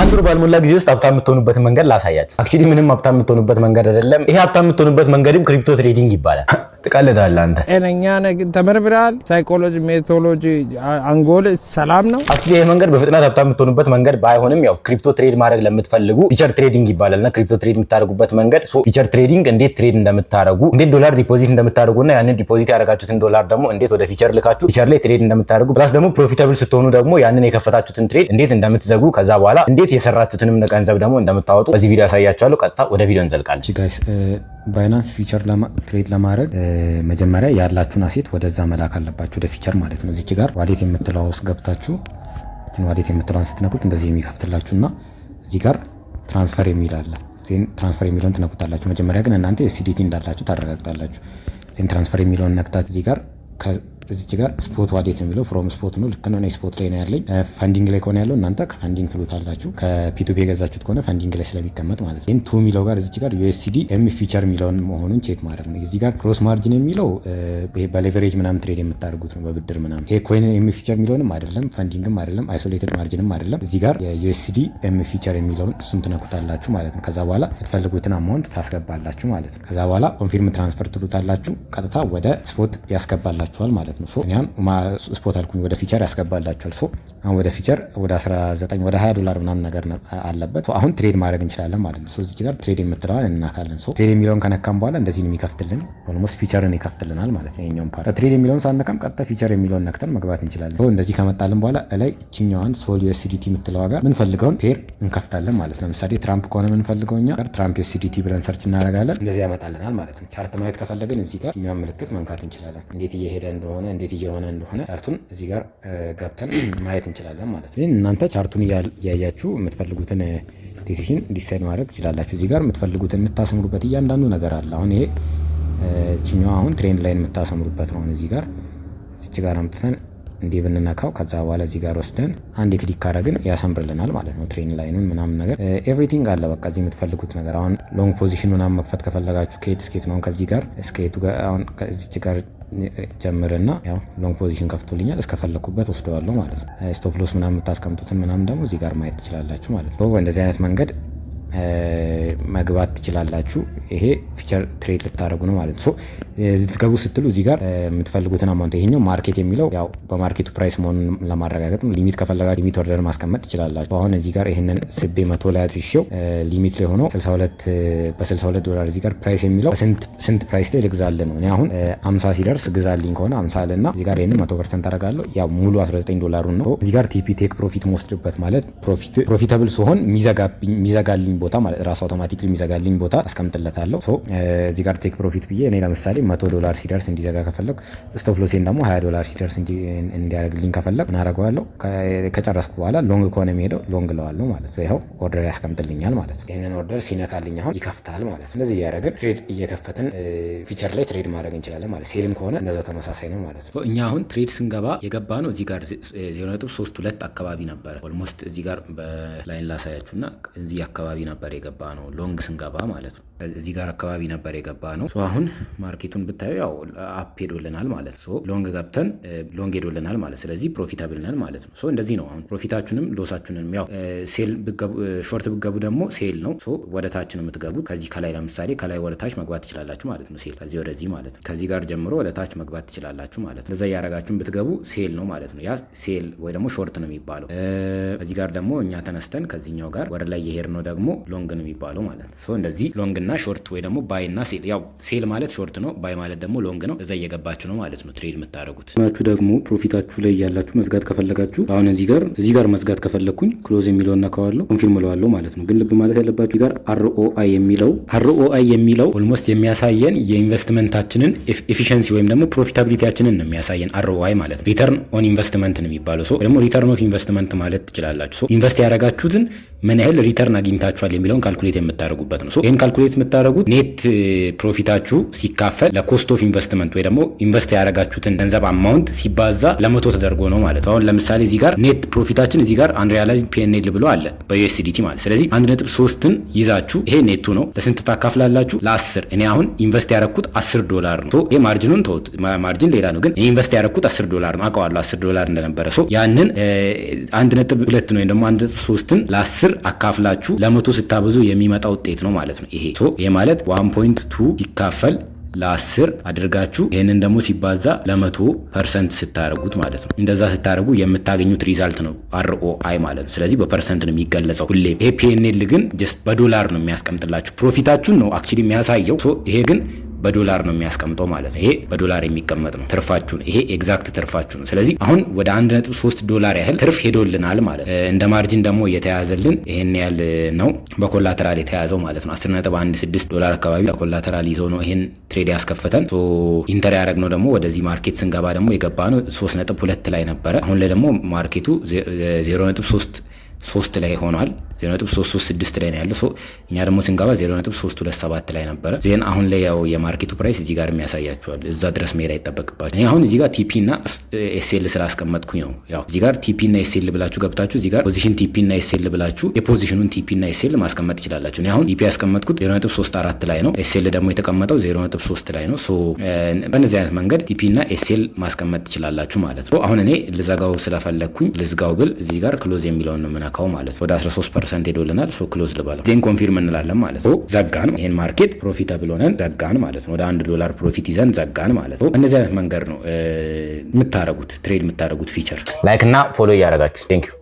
አንድ ወር ባልሞላ ጊዜ ውስጥ ሀብታም የምትሆኑበት መንገድ ላሳያችሁ። አክቹሊ ምንም ሀብታም የምትሆኑበት መንገድ አይደለም ይሄ። ሀብታም የምትሆኑበት መንገድም ክሪፕቶ ትሬዲንግ ይባላል። ትቀልዳለህ አንተ። ጤነኛ ነህ ግን ተመርምረሃል? ሳይኮሎጂ፣ ሜቶሎጂ፣ አንጎል ሰላም ነው። አክቹዋሊ ይህ መንገድ በፍጥነት ሀብታም የምትሆኑበት መንገድ ባይሆንም ያው ክሪፕቶ ትሬድ ማድረግ ለምትፈልጉ ፊቸር ትሬዲንግ ይባላል እና ክሪፕቶ ትሬድ የምታደርጉበት መንገድ ፊቸር ትሬዲንግ እንዴት ትሬድ እንደምታደርጉ እንዴት ዶላር ዲፖዚት እንደምታደርጉ እና ያንን ዲፖዚት ያደረጋችሁትን ዶላር ደግሞ እንዴት ወደ ፊቸር ልካችሁ ፊቸር ላይ ትሬድ እንደምታደርጉ ፕላስ ደግሞ ፕሮፊታብል ስትሆኑ ደግሞ ያንን የከፈታችሁትን ትሬድ እንዴት እንደምትዘጉ ከዛ በኋላ እንዴት የሰራችሁትንም ገንዘብ ደግሞ እንደምታወጡ በዚህ ቪዲዮ ያሳያችኋለሁ። ቀጥታ ወደ ቪዲዮ እንዘልቃለን። ባይናንስ ፊቸር ትሬድ ለማድረግ መጀመሪያ ያላችሁን አሴት ወደዛ መላክ አለባችሁ፣ ወደ ፊቸር ማለት ነው። እዚች ጋር ዋሌት የምትለው ውስጥ ገብታችሁ ዋሌት የምትለዋን ስትነኩት እንደዚህ የሚከፍትላችሁ የሚከፍትላችሁና እዚህ ጋር ትራንስፈር የሚል አለ። ዜን ትራንስፈር የሚለውን ትነኩታላችሁ። መጀመሪያ ግን እናንተ ዩኤስዲቲ እንዳላችሁ ታረጋግጣላችሁ። ዜን ትራንስፈር የሚለውን ነክታችሁ እዚህ ጋር እዚች ጋር ስፖት ዋዴት የሚለው ፍሮም ስፖት ነው። ልክ ነው። እኔ ስፖት ላይ ነው ያለኝ። ፈንዲንግ ላይ ከሆነ ያለው እናንተ ከፈንዲንግ ትሉታላችሁ። ከፒቱፒ የገዛችሁት ከሆነ ፈንዲንግ ላይ ስለሚቀመጥ ማለት ነው። ግን ቱ የሚለው ጋር እዚች ጋር ዩኤስሲዲ ኤም ፊቸር የሚለውን መሆኑን ቼክ ማድረግ ነው። እዚህ ጋር ክሮስ ማርጅን የሚለው በሌቨሬጅ ምናምን ትሬድ የምታደርጉት ነው፣ በብድር ምናምን። ይሄ ኮይን ኤም ፊቸር የሚለውንም አይደለም፣ ፈንዲንግም አይደለም፣ አይሶሌትድ ማርጅንም አይደለም። እዚህ ጋር የዩኤስሲዲ ኤም ፊቸር የሚለውን እሱን ትነኩታላችሁ ማለት ነው። ከዛ በኋላ የምትፈልጉትን አማውንት ታስገባላችሁ ማለት ነው። ከዛ በኋላ ኮንፊርም ትራንስፈር ትሉታላችሁ። ቀጥታ ወደ ስፖት ያስገባላችኋል ማለት ነው። ማለት ነው። እኒያም ስፖት አልኩኝ ወደ ፊቸር ያስገባላቸዋል። አሁን ወደ ፊቸር ወደ 19 ወደ 20 ዶላር ምናምን ነገር አለበት። አሁን ትሬድ ማድረግ እንችላለን ማለት ነው። እዚህ ጋር ትሬድ የምትለዋል እናካለን። ትሬድ የሚለውን ከነካም በኋላ እንደዚህ የሚከፍትልን ኦልሞስት ፊቸርን ይከፍትልናል ማለት ነው። የኛውን ፓርት ትሬድ የሚለውን ሳነካም ቀጥታ ፊቸር የሚለውን ነክተን መግባት እንችላለን። እንደዚህ ከመጣልን በኋላ ላይ እችኛዋን ሶል ዩኤስዲቲ የምትለዋ ጋር ምንፈልገውን ፔር እንከፍታለን ማለት ነው። ለምሳሌ ትራምፕ ከሆነ ምንፈልገው እኛ ጋር ትራምፕ ዩኤስዲቲ ብለን ሰርች እናደርጋለን። እንደዚህ ያመጣልናል ማለት ነው። ቻርት ማየት ከፈለግን እዚህ ጋር እኛውን ምልክት መንካት እንችላለን። እንዴት እየሄደ እንደሆነ እንደሆነ እንዴት እየሆነ እንደሆነ ቻርቱን እዚህ ጋር ገብተን ማየት እንችላለን ማለት ነው። እናንተ ቻርቱን እያያችሁ የምትፈልጉትን ዲሲሽን ዲሳይድ ማድረግ ትችላላችሁ። እዚህ ጋር የምትፈልጉትን የምታሰምሩበት እያንዳንዱ ነገር አለ። አሁን ይሄ ችኛዋ አሁን ትሬንድ ላይን የምታሰምሩበት ነው። እዚህ ጋር እዚች ጋር አምጥተን እንዲህ ብንነካው ከዛ በኋላ እዚህ ጋር ወስደን አንድ ክሊክ ካረግን ያሰምርልናል ማለት ነው። ትሬን ላይኑን ምናምን ነገር ኤቭሪቲንግ አለ። በቃ እዚህ የምትፈልጉት ነገር አሁን ሎንግ ፖዚሽን ምናምን መክፈት ከፈለጋችሁ ከየት እስኬት ነው ከዚህ ጋር እስኬቱ ጋር አሁን ከዚች ጋር ጀምርና ያው ሎንግ ፖዚሽን ከፍቶልኛል እስከፈለግኩበት ወስደዋለሁ ማለት ነው። ስቶፕሎስ ምናምን የምታስቀምጡትን ምናምን ደግሞ እዚህ ጋር ማየት ትችላላችሁ ማለት ነው። በእንደዚህ አይነት መንገድ መግባት ትችላላችሁ። ይሄ ፊቸር ትሬድ ልታደረጉ ነው ማለት ነው። ልትገቡ ስትሉ እዚህ ጋር የምትፈልጉትን አማውንት ይሄኛው ማርኬት የሚለው ያው በማርኬቱ ፕራይስ መሆኑን ለማረጋገጥ ነው። ሊሚት ከፈለጋ ሊሚት ኦርደር ማስቀመጥ ትችላላችሁ። አሁን እዚህ ጋር ይህንን ስቤ መቶ ላይ አድርሼው ሊሚት ላይ ሆነው በ62 ዶላር እዚህ ጋር ፕራይስ የሚለው ስንት ፕራይስ ላይ ልግዛልህ ነው። እኔ አሁን 50 ሲደርስ ግዛልኝ ከሆነ 50 ልና እዚህ ጋር ይህንን መቶ ፐርሰንት አደርጋለሁ። ያው ሙሉ 19 ዶላሩን ነው እዚህ ጋር ቲፒ ቴክ ፕሮፊት መወስድበት ማለት ፕሮፊታብል ሲሆን የሚዘጋልኝ ቦታ ማለት ራሱ አውቶማቲክሊ የሚዘጋልኝ ቦታ አስቀምጥለታለሁ። እዚህ ጋር ቴክ ፕሮፊት ብዬ እኔ ለምሳሌ መቶ ዶላር ሲደርስ እንዲዘጋ ከፈለግ ስቶፕ ሎሴን ደግሞ ሀያ ዶላር ሲደርስ እንዲያደርግልኝ ከፈለግ እናደርገዋለሁ። ከጨረስኩ በኋላ ሎንግ ከሆነ የሚሄደው ሎንግ ለዋለሁ ማለት ይኸው ኦርደር ያስቀምጥልኛል ማለት ነው። ይህንን ኦርደር ሲነካልኝ አሁን ይከፍታል ማለት ነው። እንደዚህ እያደረግን ትሬድ እየከፈትን ፊቸር ላይ ትሬድ ማድረግ እንችላለን ማለት ሴልም ከሆነ እንደዛ ተመሳሳይ ነው ማለት ነው። እኛ አሁን ትሬድ ስንገባ የገባ ነው እዚህ ጋር ዜሮ ነጥብ ሶስት ሁለት አካባቢ ነበረ ኦልሞስት እዚህ ጋር በላይን ላሳያችሁና እዚህ አካባቢ ነበር የገባ ነው ሎንግ ስንገባ ማለት ነው። እዚህ ጋር አካባቢ ነበር የገባ ነው። አሁን ማርኬቱን ብታዩ ያው አፕ ሄዶልናል ማለት ነው። ሎንግ ገብተን ሎንግ ሄዶልናል ማለት ስለዚህ ፕሮፊታብል ነን ማለት ነው። እንደዚህ ነው። አሁን ፕሮፊታችሁንም ሎሳችሁንም ያው ሴል ሾርት ብገቡ ደግሞ ሴል ነው ወደ ታችን የምትገቡት። ከዚህ ከላይ ለምሳሌ ከላይ ወደታች መግባት ትችላላችሁ ማለት ነው። ሴል ከዚህ ወደዚህ ማለት ነው። ከዚህ ጋር ጀምሮ ወደታች መግባት ትችላላችሁ ማለት ነው። እዛ እያደረጋችሁን ብትገቡ ሴል ነው ማለት ነው። ያ ሴል ወይ ደግሞ ሾርት ነው የሚባለው። ከዚህ ጋር ደግሞ እኛ ተነስተን ከዚህኛው ጋር ወደ ላይ የሄድ ነው ደግሞ ሎንግ ነው የሚባለው ማለት ነው። እንደዚህ ሎንግ እና ሾርት ወይ ደግሞ ባይና ሴል። ያው ሴል ማለት ሾርት ነው፣ ባይ ማለት ደግሞ ሎንግ ነው። እዛ እየገባችሁ ነው ማለት ነው ትሬድ የምታደርጉት ናችሁ። ደግሞ ፕሮፊታችሁ ላይ ያላችሁ መዝጋት ከፈለጋችሁ አሁን እዚህ ጋር እዚህ ጋር መዝጋት ከፈለግኩኝ ክሎዝ የሚለው ነካዋለሁ፣ ኮንፊርም እለዋለሁ ማለት ነው። ግን ልብ ማለት ያለባችሁ ጋር አርኦአይ የሚለው አርኦአይ የሚለው ኦልሞስት የሚያሳየን የኢንቨስትመንታችንን ኤፊሽንሲ ወይም ደግሞ ፕሮፊታቢሊቲያችንን ነው የሚያሳየን አርኦአይ ማለት ነው። ሪተርን ኦን ኢንቨስትመንት ነው የሚባለው። ደግሞ ሪተርን ኦፍ ኢንቨስትመንት ማለት ትችላላችሁ ኢንቨስት ያደረጋችሁትን ምን ያህል ሪተርን አግኝታችኋል የሚለውን ካልኩሌት የምታደርጉበት ነው። ይህን ካልኩሌት የምታደርጉት ኔት ፕሮፊታችሁ eh, ሲካፈል ለኮስት ኦፍ ኢንቨስትመንት ወይ ደግሞ ኢንቨስት ያደረጋችሁትን ገንዘብ አማውንት ሲባዛ ለመቶ ተደርጎ ነው ማለት ነው። አሁን ለምሳሌ እዚህ ጋር ኔት ፕሮፊታችን እዚህ ጋር አንሪያላይዝድ ፒኤንኤል ብሎ አለ በዩኤስዲቲ ማለት ስለዚህ አንድ ነጥብ ሶስትን ይዛችሁ ይሄ ኔቱ ነው ለስንት ታካፍላላችሁ? ለአስር እኔ አሁን ኢንቨስት ያደረግኩት አስር ዶላር ነው። ይሄ ማርጅኑን ተውት፣ ማርጅን ሌላ ነው። ግን ኢንቨስት ያደረግኩት አስር ዶላር ነው አውቀዋለሁ፣ አስር ዶላር እንደነበረ ያንን eh, አንድ ነጥብ ሁለት ነው ወይም ደግሞ አንድ ነጥብ ሶስትን ለአስር አካፍላችሁ ለመቶ ስታበዙ የሚመጣ ውጤት ነው ማለት ነው። ይሄ ይሄ ማለት ዋን ፖይንት ቱ ሲካፈል ለአስር አድርጋችሁ ይህንን ደግሞ ሲባዛ ለመቶ ፐርሰንት ስታደርጉት ማለት ነው። እንደዛ ስታደርጉ የምታገኙት ሪዛልት ነው አይ ማለት ነው። ስለዚህ በፐርሰንት ነው የሚገለጸው ሁሌም። ይሄ ፒኤንኤል ግን ጀስት በዶላር ነው የሚያስቀምጥላችሁ ፕሮፊታችሁን ነው አክቹዋሊ የሚያሳየው። ይሄ ግን በዶላር ነው የሚያስቀምጠው ማለት ነው። ይሄ በዶላር የሚቀመጥ ነው ትርፋችሁ ነው። ይሄ ኤግዛክት ትርፋችሁ ነው። ስለዚህ አሁን ወደ 1.3 ዶላር ያህል ትርፍ ሄዶልናል ማለት ነው። እንደ ማርጂን ደግሞ የተያዘልን ይሄን ያህል ነው፣ በኮላተራል የተያዘው ማለት ነው። 10.16 ዶላር አካባቢ በኮላተራል ይዘው ነው ይሄን ትሬድ ያስከፈተን። ኢንተር ያደረግ ነው ደግሞ ወደዚህ ማርኬት ስንገባ ደግሞ የገባ ነው 3.2 ላይ ነበረ። አሁን ላይ ደግሞ ማርኬቱ 0.3 ሶስት ላይ ሆኗል። 0.336 ላይ ነው ያለው። እኛ ደግሞ ስንገባ ሰባት ላይ ነበረ። ዜን አሁን ላይ ያው የማርኬቱ ፕራይስ እዚህ ጋር የሚያሳያቸዋል። እዛ ድረስ መሄድ አይጠበቅባቸው። እኔ አሁን እዚህ ጋር ቲፒ እና ኤስኤል ስላስቀመጥኩኝ ነው። ያው እዚህ ጋር ቲፒ እና ኤስኤል ብላችሁ ገብታችሁ እዚህ ጋር ፖዚሽን ቲፒ እና ኤስኤል ብላችሁ የፖዚሽኑን ቲፒ እና ኤስኤል ማስቀመጥ ይችላላችሁ። እኔ አሁን ቲፒ ያስቀመጥኩት አራት ላይ ነው። ኤስኤል ደግሞ የተቀመጠው ሶስት ላይ ነው። በእነዚህ አይነት መንገድ ቲፒ እና ኤስኤል ማስቀመጥ ትችላላችሁ ማለት ነው። አሁን እኔ ልዘጋው ስለፈለግኩኝ ልዝጋው ብል እዚህ ጋር ክሎዝ የሚለውን ነው የምነካው ማለት ወደ 13 ፐርሰንት ሄዶልናል። ሶ ክሎዝ ልባለ ዜን ኮንፊርም እንላለን ማለት ነው። ዘጋን ይህን ማርኬት ፕሮፊታብል ሆነን ዘጋን ማለት ነው። ወደ አንድ ዶላር ፕሮፊት ይዘን ዘጋን ማለት ነው። እነዚህ አይነት መንገድ ነው የምታረጉት ትሬድ የምታረጉት ፊቸር። ላይክ እና ፎሎ እያደረጋችሁ ቴንክ ዩ